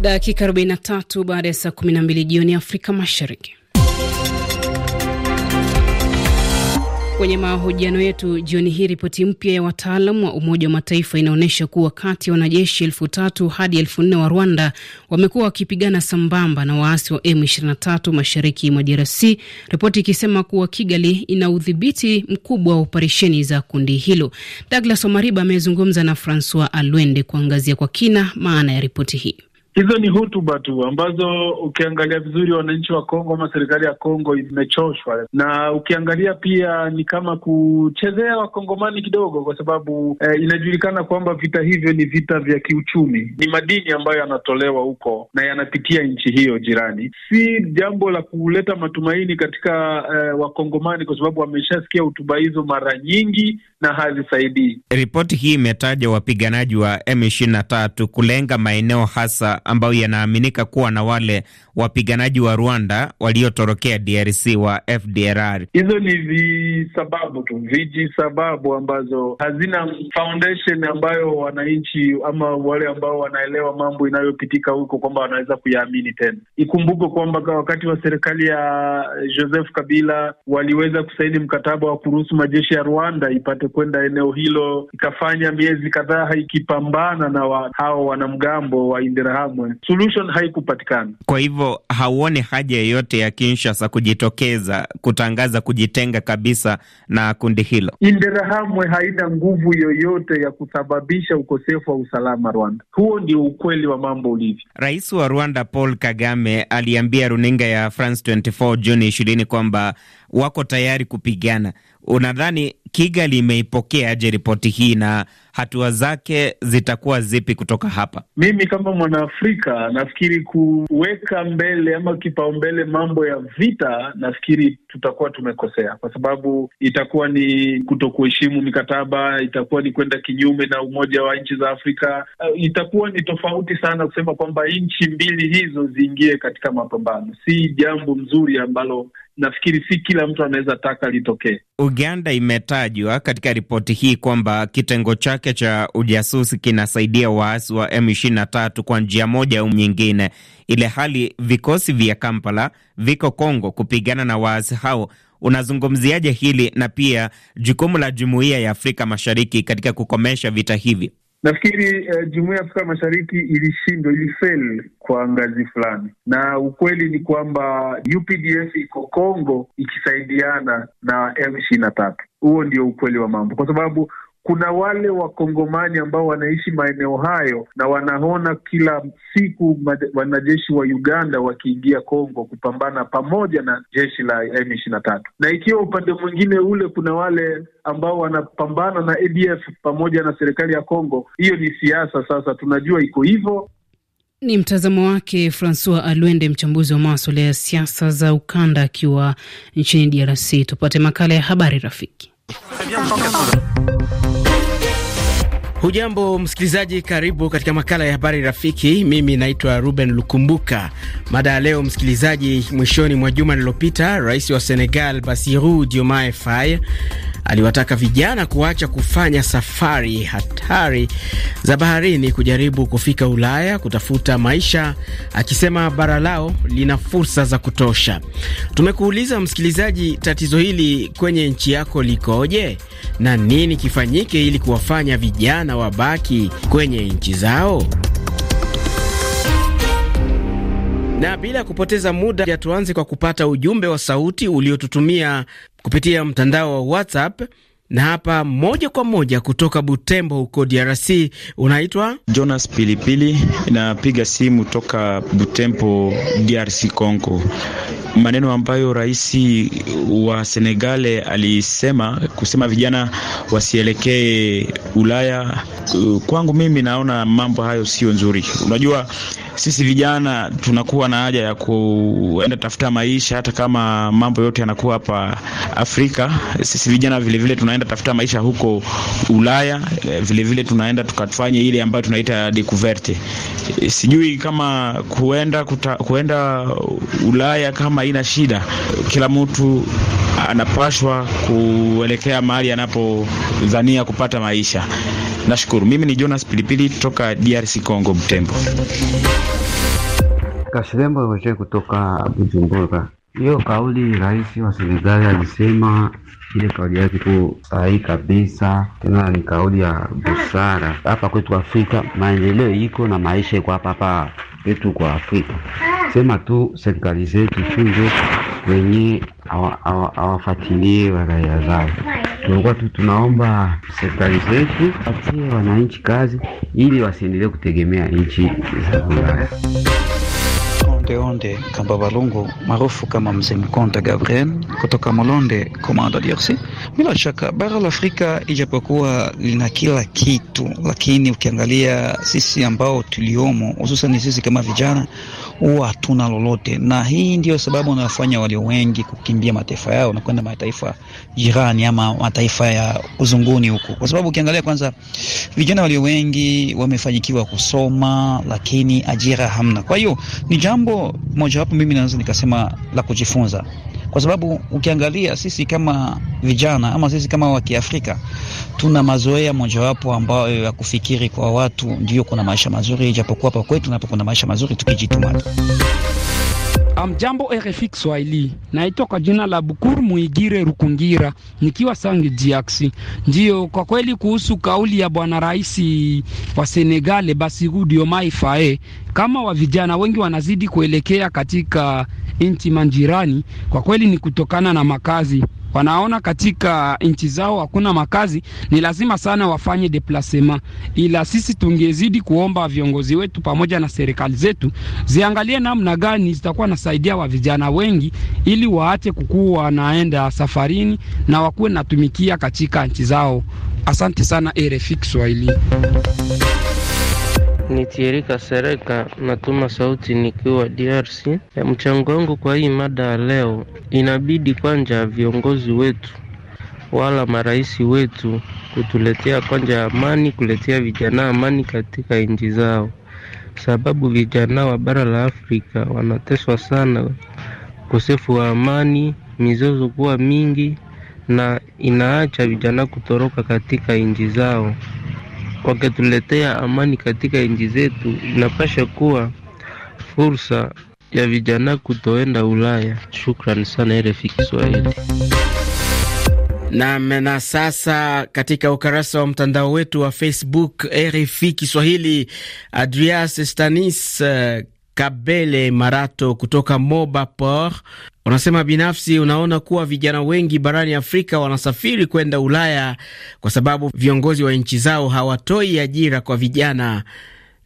Dakika 43 baada ya saa 12 jioni Afrika Mashariki. Kwenye mahojiano yetu jioni hii, ripoti mpya ya wataalam wa Umoja wa Mataifa inaonyesha kuwa kati ya wanajeshi elfu tatu hadi elfu nne wa Rwanda wamekuwa wakipigana sambamba na waasi wa M23 mashariki mwa DRC, ripoti ikisema kuwa Kigali ina udhibiti mkubwa wa operesheni za kundi hilo. Douglas Omariba amezungumza na Francois Alwende kuangazia kwa kina maana ya ripoti hii. Hizo ni hutuba tu ambazo ukiangalia vizuri wananchi wa Kongo ama serikali ya Kongo imechoshwa, na ukiangalia pia ni kama kuchezea wakongomani kidogo, kwa sababu eh, inajulikana kwamba vita hivyo ni vita vya kiuchumi, ni madini ambayo yanatolewa huko na yanapitia nchi hiyo jirani. Si jambo la kuleta matumaini katika eh, wakongomani, kwa sababu wameshasikia hutuba hizo mara nyingi na hazisaidii. Ripoti hii imetaja wapiganaji wa M23 kulenga maeneo hasa ambayo yanaaminika kuwa na wale wapiganaji wa Rwanda waliotorokea DRC wa FDLR. Hizo ni visababu tu, viji sababu ambazo hazina foundation ambayo wananchi ama wale ambao wanaelewa mambo inayopitika huko kwamba wanaweza kuyaamini tena. Ikumbuke kwamba wakati wa serikali ya Joseph Kabila waliweza kusaini mkataba wa kuruhusu majeshi ya Rwanda ipate kwenda eneo hilo, ikafanya miezi kadhaa ikipambana na wa, hawa wanamgambo wa Interahamwe. Solution haikupatikana. Kwa hivyo hauone haja yeyote ya Kinshasa kujitokeza kutangaza kujitenga kabisa na kundi hilo. Interahamwe haina nguvu yoyote ya kusababisha ukosefu wa usalama Rwanda. Huo ndio ukweli wa mambo ulivyo. Rais wa Rwanda Paul Kagame aliambia runinga ya France 24 Juni ishirini kwamba wako tayari kupigana. Unadhani Kigali imeipokeaje ripoti hii na hatua zake zitakuwa zipi kutoka hapa? Mimi kama Mwanaafrika nafikiri kuweka mbele ama kipaumbele mambo ya vita, nafikiri tutakuwa tumekosea, kwa sababu itakuwa ni kuto kuheshimu mikataba, itakuwa ni kwenda kinyume na umoja wa nchi za Afrika. Uh, itakuwa ni tofauti sana kusema kwamba nchi mbili hizo ziingie katika mapambano, si jambo mzuri ambalo nafikiri si kila mtu anaweza taka litokee. Uganda imetajwa katika ripoti hii kwamba kitengo chake cha ujasusi kinasaidia waasi wa M23 kwa njia moja au nyingine, ile hali vikosi vya Kampala viko Kongo kupigana na waasi hao. Unazungumziaje hili na pia jukumu la jumuiya ya Afrika Mashariki katika kukomesha vita hivi? Nafikiri eh, jumuiya ya Afrika Mashariki ilishindwa, ilifel kwa ngazi fulani, na ukweli ni kwamba UPDF iko Kongo ikisaidiana na M ishirini na tatu. Huo ndio ukweli wa mambo, kwa sababu kuna wale wakongomani ambao wanaishi maeneo hayo na wanaona kila siku wanajeshi wa Uganda wakiingia Kongo kupambana pamoja na jeshi la M23, na ikiwa upande mwingine ule kuna wale ambao wanapambana na ADF pamoja na serikali ya Kongo. Hiyo ni siasa, sasa tunajua iko hivyo. Ni mtazamo wake Francois Alwende, mchambuzi wa maswala ya siasa za ukanda akiwa nchini DRC. Tupate makala ya habari rafiki Hujambo msikilizaji, karibu katika makala ya habari rafiki. Mimi naitwa Ruben Lukumbuka. Mada ya leo msikilizaji, mwishoni mwa juma lililopita, rais wa Senegal Bassirou Diomaye Faye aliwataka vijana kuacha kufanya safari hatari za baharini kujaribu kufika Ulaya kutafuta maisha, akisema bara lao lina fursa za kutosha. Tumekuuliza msikilizaji, tatizo hili kwenye nchi yako likoje na nini kifanyike ili kuwafanya vijana wabaki kwenye nchi zao? na bila kupoteza muda tuanze kwa kupata ujumbe wa sauti uliotutumia kupitia mtandao wa WhatsApp na hapa moja kwa moja kutoka Butembo huko DRC, unaitwa Jonas Pilipili, napiga simu toka Butembo, DRC Congo maneno ambayo rais wa senegal alisema kusema vijana wasielekee Ulaya. Kwangu mimi naona mambo hayo sio nzuri. Unajua, sisi vijana tunakuwa na haja ya kuenda tafuta maisha, hata kama mambo yote yanakuwa hapa Afrika. Sisi vijana vilevile vile tunaenda tafuta maisha huko Ulaya, vilevile vile tunaenda tukafanye ile ambayo tunaita découverte. Sijui kama kuenda kuta, kuenda Ulaya kama haina shida. Kila mtu anapashwa kuelekea mahali anapozania kupata maisha. Nashukuru. Mimi ni Jonas Pilipili toka DRC Congo, Butembo. Kashirembo Roje kutoka Bujumbura. Hiyo kauli rais wa Senegali alisema ile kauli yake iko sahihi kabisa, tena ni kauli ya busara. Hapa kwetu Afrika maendeleo iko na maisha iko hapa hapa kwetu kwa Afrika sema tu serikali zetu tufunze wenye hawafatilie waraia zao. Tunakuwa tu tunaomba serikali zetu watie wananchi kazi ili wasiendelee kutegemea nchi za Ulaya. Onde Kamba Valungu maarufu kama Mzee Mkonta Gabriel kutoka Molonde Komanda, DRC. Bila shaka bara la Afrika ijapokuwa lina kila kitu, lakini ukiangalia sisi ambao tuliomo, hususani sisi kama vijana huwa hatuna lolote, na hii ndio sababu wanawafanya walio wengi kukimbia mataifa yao na kwenda mataifa jirani ama mataifa ya uzunguni huku, kwa sababu ukiangalia kwanza, vijana walio wengi wamefanyikiwa kusoma, lakini ajira hamna. Kwa hiyo ni jambo mojawapo mimi naweza nikasema la kujifunza kwa sababu ukiangalia sisi kama vijana ama sisi kama wa kiafrika tuna mazoea mojawapo ambayo ya kufikiri kwa watu ndio kuna maisha mazuri, ijapokuwa hapa kwetu napo kuna maisha mazuri tukijituma Amjambo RFI Kiswahili, naitwa kwa jina la Bukuru Muigire Rukungira nikiwa Sangi Jiaksi. Ndio, kwa kweli kuhusu kauli ya bwana rais wa Senegal Bassirou Diomaye Faye, kama wa vijana wengi wanazidi kuelekea katika nchi manjirani, kwa kweli ni kutokana na makazi wanaona katika nchi zao hakuna makazi, ni lazima sana wafanye deplasema. Ila sisi tungezidi kuomba viongozi wetu pamoja na serikali zetu ziangalie namna gani zitakuwa nasaidia wa vijana wengi, ili waache kukuwa wanaenda safarini na wakuwe natumikia katika nchi zao. Asante sana RFI Kiswahili ni Thierry Sereka, natuma sauti nikiwa DRC. Eh, mchango wangu kwa hii mada ya leo, inabidi kwanja viongozi wetu wala marais wetu kutuletea kwanja amani, kuletea vijana amani katika nchi zao, sababu vijana wa bara la Afrika wanateswa sana, ukosefu wa amani, mizozo kuwa mingi na inaacha vijana kutoroka katika nchi zao wakituletea amani katika nchi zetu, inapasha kuwa fursa ya vijana kutoenda Ulaya. Shukrani sana RFI Kiswahili. Nam na sasa, katika ukarasa wa mtandao wetu wa Facebook RFI Kiswahili, Adrias Stanis Kabele Marato kutoka Moba Port unasema binafsi unaona kuwa vijana wengi barani Afrika wanasafiri kwenda Ulaya kwa sababu viongozi wa nchi zao hawatoi ajira kwa vijana,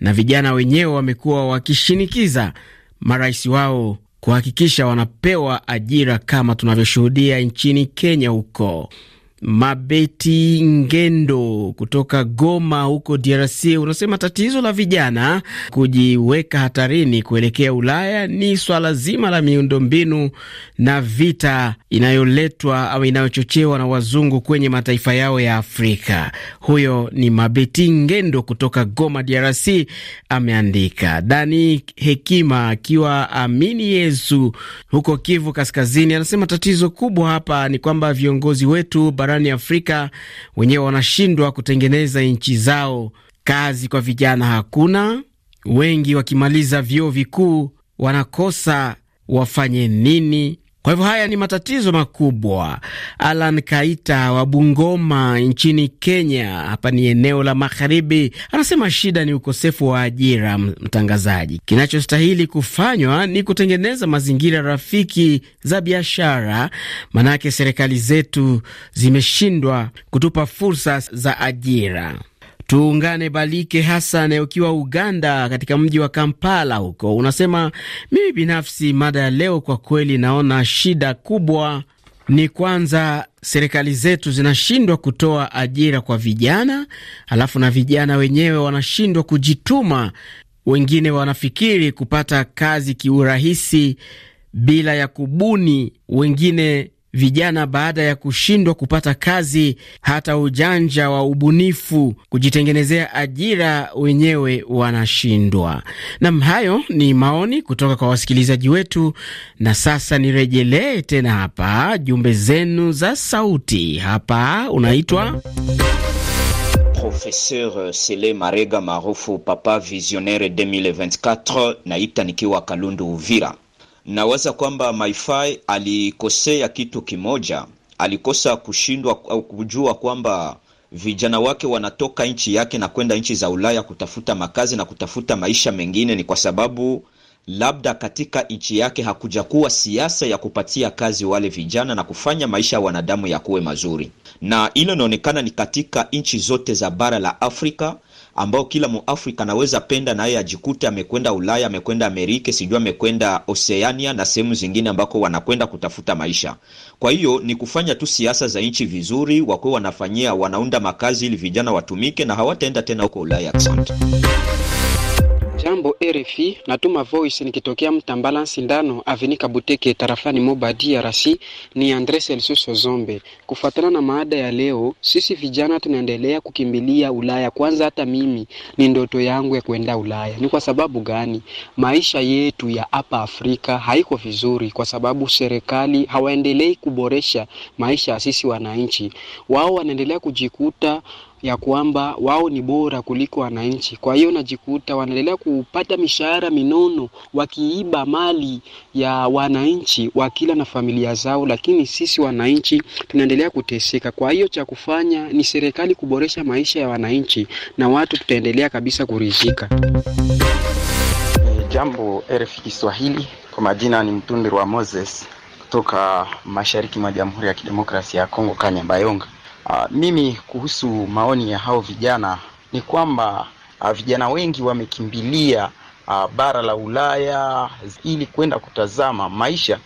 na vijana wenyewe wamekuwa wakishinikiza marais wao kuhakikisha wanapewa ajira kama tunavyoshuhudia nchini Kenya huko. Mabeti Ngendo kutoka Goma huko DRC unasema tatizo la vijana kujiweka hatarini kuelekea Ulaya ni swala zima la miundombinu na vita inayoletwa au inayochochewa na wazungu kwenye mataifa yao ya Afrika. Huyo ni Mabeti Ngendo kutoka Goma, DRC ameandika. Dani Hekima akiwa Amini Yesu huko Kivu Kaskazini anasema tatizo kubwa hapa ni kwamba viongozi wetu bara barani Afrika wenyewe wanashindwa kutengeneza nchi zao. Kazi kwa vijana hakuna, wengi wakimaliza vyuo vikuu wanakosa wafanye nini kwa hivyo haya ni matatizo makubwa. Alan Kaita wa Bungoma nchini Kenya, hapa ni eneo la magharibi, anasema shida ni ukosefu wa ajira. Mtangazaji, kinachostahili kufanywa ni kutengeneza mazingira rafiki za biashara, manake serikali zetu zimeshindwa kutupa fursa za ajira. Tuungane Balike Hassan ukiwa Uganda, katika mji wa Kampala huko, unasema mimi binafsi, mada ya leo kwa kweli naona shida kubwa ni kwanza serikali zetu zinashindwa kutoa ajira kwa vijana, alafu na vijana wenyewe wanashindwa kujituma. Wengine wanafikiri kupata kazi kiurahisi bila ya kubuni, wengine vijana baada ya kushindwa kupata kazi, hata ujanja wa ubunifu kujitengenezea ajira wenyewe wanashindwa. Nam, hayo ni maoni kutoka kwa wasikilizaji wetu. Na sasa nirejelee tena hapa jumbe zenu za sauti. Hapa unaitwa Profeseur euh, Sele Marega maarufu Papa Visionnaire 2024, naita nikiwa Kalundu Uvira. Nawaza kwamba Maifai alikosea kitu kimoja, alikosa kushindwa au kujua kwamba vijana wake wanatoka nchi yake na kwenda nchi za Ulaya kutafuta makazi na kutafuta maisha mengine. Ni kwa sababu labda katika nchi yake hakujakuwa siasa ya kupatia kazi wale vijana na kufanya maisha ya wanadamu yakuwe mazuri, na hilo inaonekana ni katika nchi zote za bara la Afrika ambao kila muafrika anaweza penda naye ajikute amekwenda Ulaya, amekwenda Amerika, sijua amekwenda Oceania na sehemu zingine ambako wanakwenda kutafuta maisha. Kwa hiyo ni kufanya tu siasa za nchi vizuri, wakuwe wanafanyia wanaunda makazi ili vijana watumike na hawataenda tena huko Ulaya. Asante. Jambo RFI, natuma voice nikitokea Mtambala sindano avenika Buteke tarafani Moba DRC. Ni Andres Elsuso Zombe. Kufuatana na maada ya leo, sisi vijana tunaendelea kukimbilia Ulaya. Kwanza hata mimi ni ndoto yangu ya kwenda Ulaya. Ni kwa sababu gani? Maisha yetu ya hapa Afrika haiko vizuri, kwa sababu serikali hawaendelei kuboresha maisha ya sisi wananchi. Wao wanaendelea kujikuta ya kwamba wao ni bora kuliko wananchi. Kwa hiyo najikuta wanaendelea kupata mishahara minono, wakiiba mali ya wananchi, wakila na familia zao, lakini sisi wananchi tunaendelea kuteseka. Kwa hiyo cha kufanya ni serikali kuboresha maisha ya wananchi na watu tutaendelea kabisa kuridhika. Jambo RFI Kiswahili, kwa majina ni Mtundiro wa Moses kutoka mashariki mwa Jamhuri ya Kidemokrasia ya Kongo, Kanyabayonga. Ah, mimi kuhusu maoni ya hao vijana ni kwamba uh, vijana wengi wamekimbilia uh, bara la Ulaya ili kwenda kutazama maisha.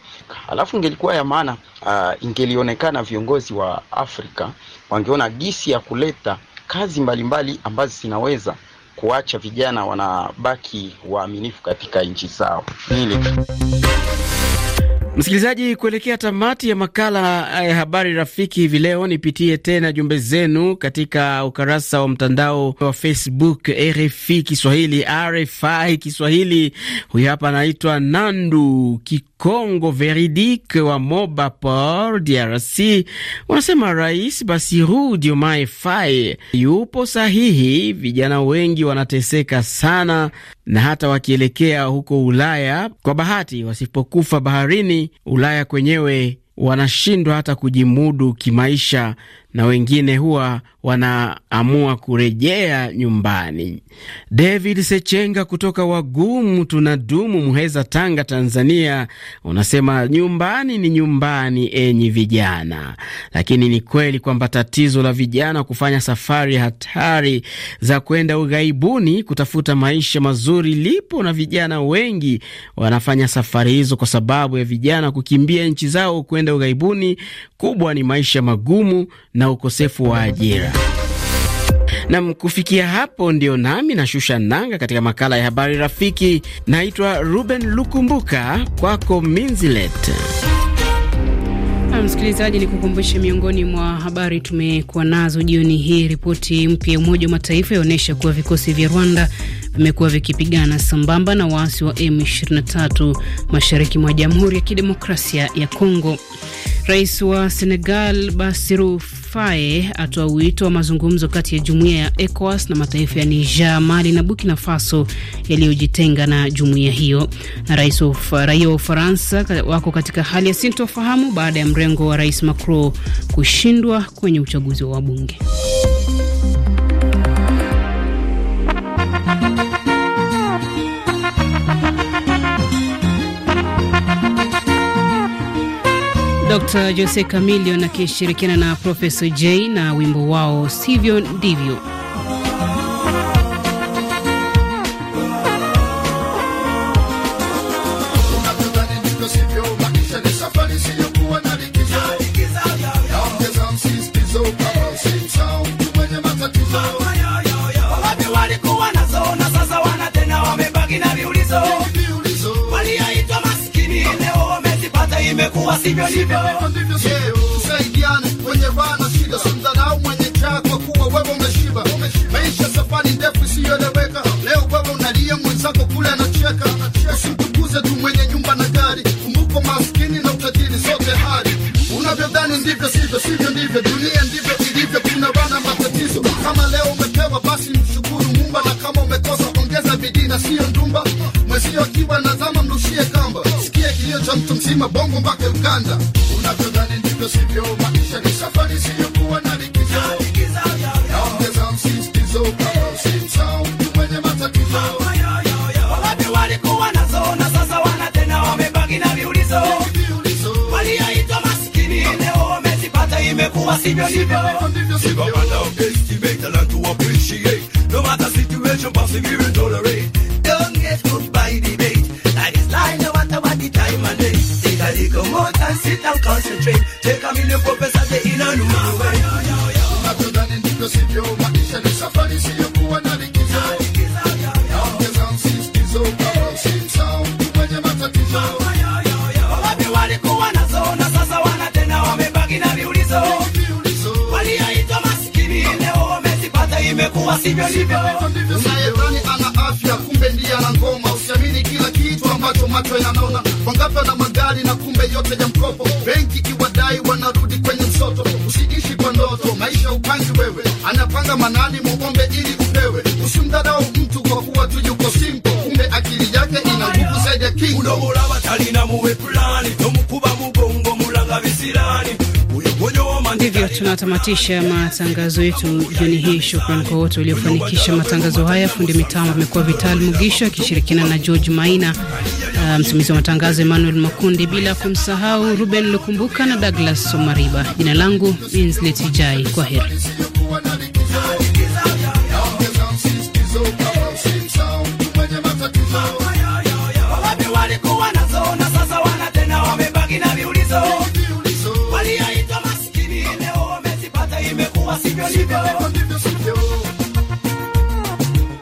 Alafu ingelikuwa ya maana uh, ingelionekana viongozi wa Afrika wangeona gisi ya kuleta kazi mbalimbali mbali ambazo zinaweza kuacha vijana wanabaki waaminifu katika nchi zao. Msikilizaji, kuelekea tamati ya makala ya eh, habari rafiki hivi leo, nipitie tena jumbe zenu katika ukarasa wa mtandao wa Facebook RFI Kiswahili, RFI Kiswahili. Huyu hapa anaitwa Nandu Kiku Congo Veridique wa Mobapor DRC wanasema Rais Bassirou Diomaye Faye yupo sahihi. Vijana wengi wanateseka sana, na hata wakielekea huko Ulaya kwa bahati, wasipokufa baharini, Ulaya kwenyewe wanashindwa hata kujimudu kimaisha na wengine huwa wanaamua kurejea nyumbani. David Sechenga kutoka Wagumu tunadumu, Muheza, Tanga, Tanzania, unasema nyumbani ni nyumbani, enyi vijana. Lakini ni kweli kwamba tatizo la vijana kufanya safari hatari za kwenda ughaibuni kutafuta maisha mazuri lipo, na vijana wengi wanafanya safari hizo kwa sababu ya vijana kukimbia nchi zao kwenda ughaibuni. Kubwa ni maisha magumu na na ukosefu wa ajira. Nam, kufikia hapo ndio nami nashusha nanga katika makala ya habari rafiki. Naitwa Ruben Lukumbuka, kwako Minzilet. Msikilizaji, ni kukumbushe miongoni mwa habari tumekuwa nazo jioni hii. Ripoti mpya ya Umoja wa Mataifa yaonyesha kuwa vikosi vya Rwanda vimekuwa vikipigana sambamba na waasi wa M23 mashariki mwa Jamhuri ya Kidemokrasia ya Kongo. Rais wa Senegal Basiru Fae atoa wito wa mazungumzo kati ya jumuiya ya ECOWAS na mataifa ya Niger, Mali na Burkina Faso yaliyojitenga na jumuiya hiyo. Rais raia wa Ufaransa wako katika hali ya sintofahamu baada ya mrengo wa Rais Macron kushindwa kwenye uchaguzi wa wabunge. Dr. Jose Camilion akishirikiana na profeso J na wimbo wao sivyo ndivyo. imekuwa sivyo hivyo, ndivyo sio. Tusaidiane wenye shida, simdharau mwenye njaa kwa kuwa wewe umeshiba. Maisha safari ndefu isiyoeleweka, leo wewe unalia mwenzako kule anacheka. Usimtukuze tu mwenye nyumba na gari, umuko maskini na utajiri, sote hali unavyodhani ndivyo sivyo. mzima bongo mpaka mkanda unavyodhani ndivyo sivyo maisha ni safari siyokuwa na likizo naongeza msistizo kama usimsau mwenye matatizo wawapi walikuwa nazo na sasa wana tena wamebaki na viulizo walioitwa maskini leo wamezipata imekuwa sivyo sivyo Sibomanda of this, you make the land to appreciate. No matter situation, passing, we will tolerate. Don't get good. body come out sit and concentrate. Take a million professors, they in on my na likizo, naongeza msisitizo kama usimsahau na sasa wanatenda, wamebaki imekuwa sivyo ana afya, kumbe ndiye ana ngoma, usiamini kila macho macho yanaona, wangapi na magari na kumbe yote ya mkopo, benki iwadai wanarudi kwenye msoto. Usiishi kwa ndoto, maisha upangi wewe, anapanga manani muombe ili upewe. Usimdharau mtu kwa kuwa tu yuko simple, kumbe akili yake ina nguvu zaidi ya kingo. Unomulaba talina muwe plani tomukuba mugongo mulanga bisirani tunatamatisha matangazo yetu jioni hii. Shukran kwa wote waliofanikisha matangazo haya. Fundi mitambo amekuwa Vital Mugisha akishirikiana na George Maina, uh, msimamizi um, wa matangazo Emmanuel Makundi, bila kumsahau Ruben Lukumbuka na Douglas Somariba. Jina langu Minzletijai, kwa heri.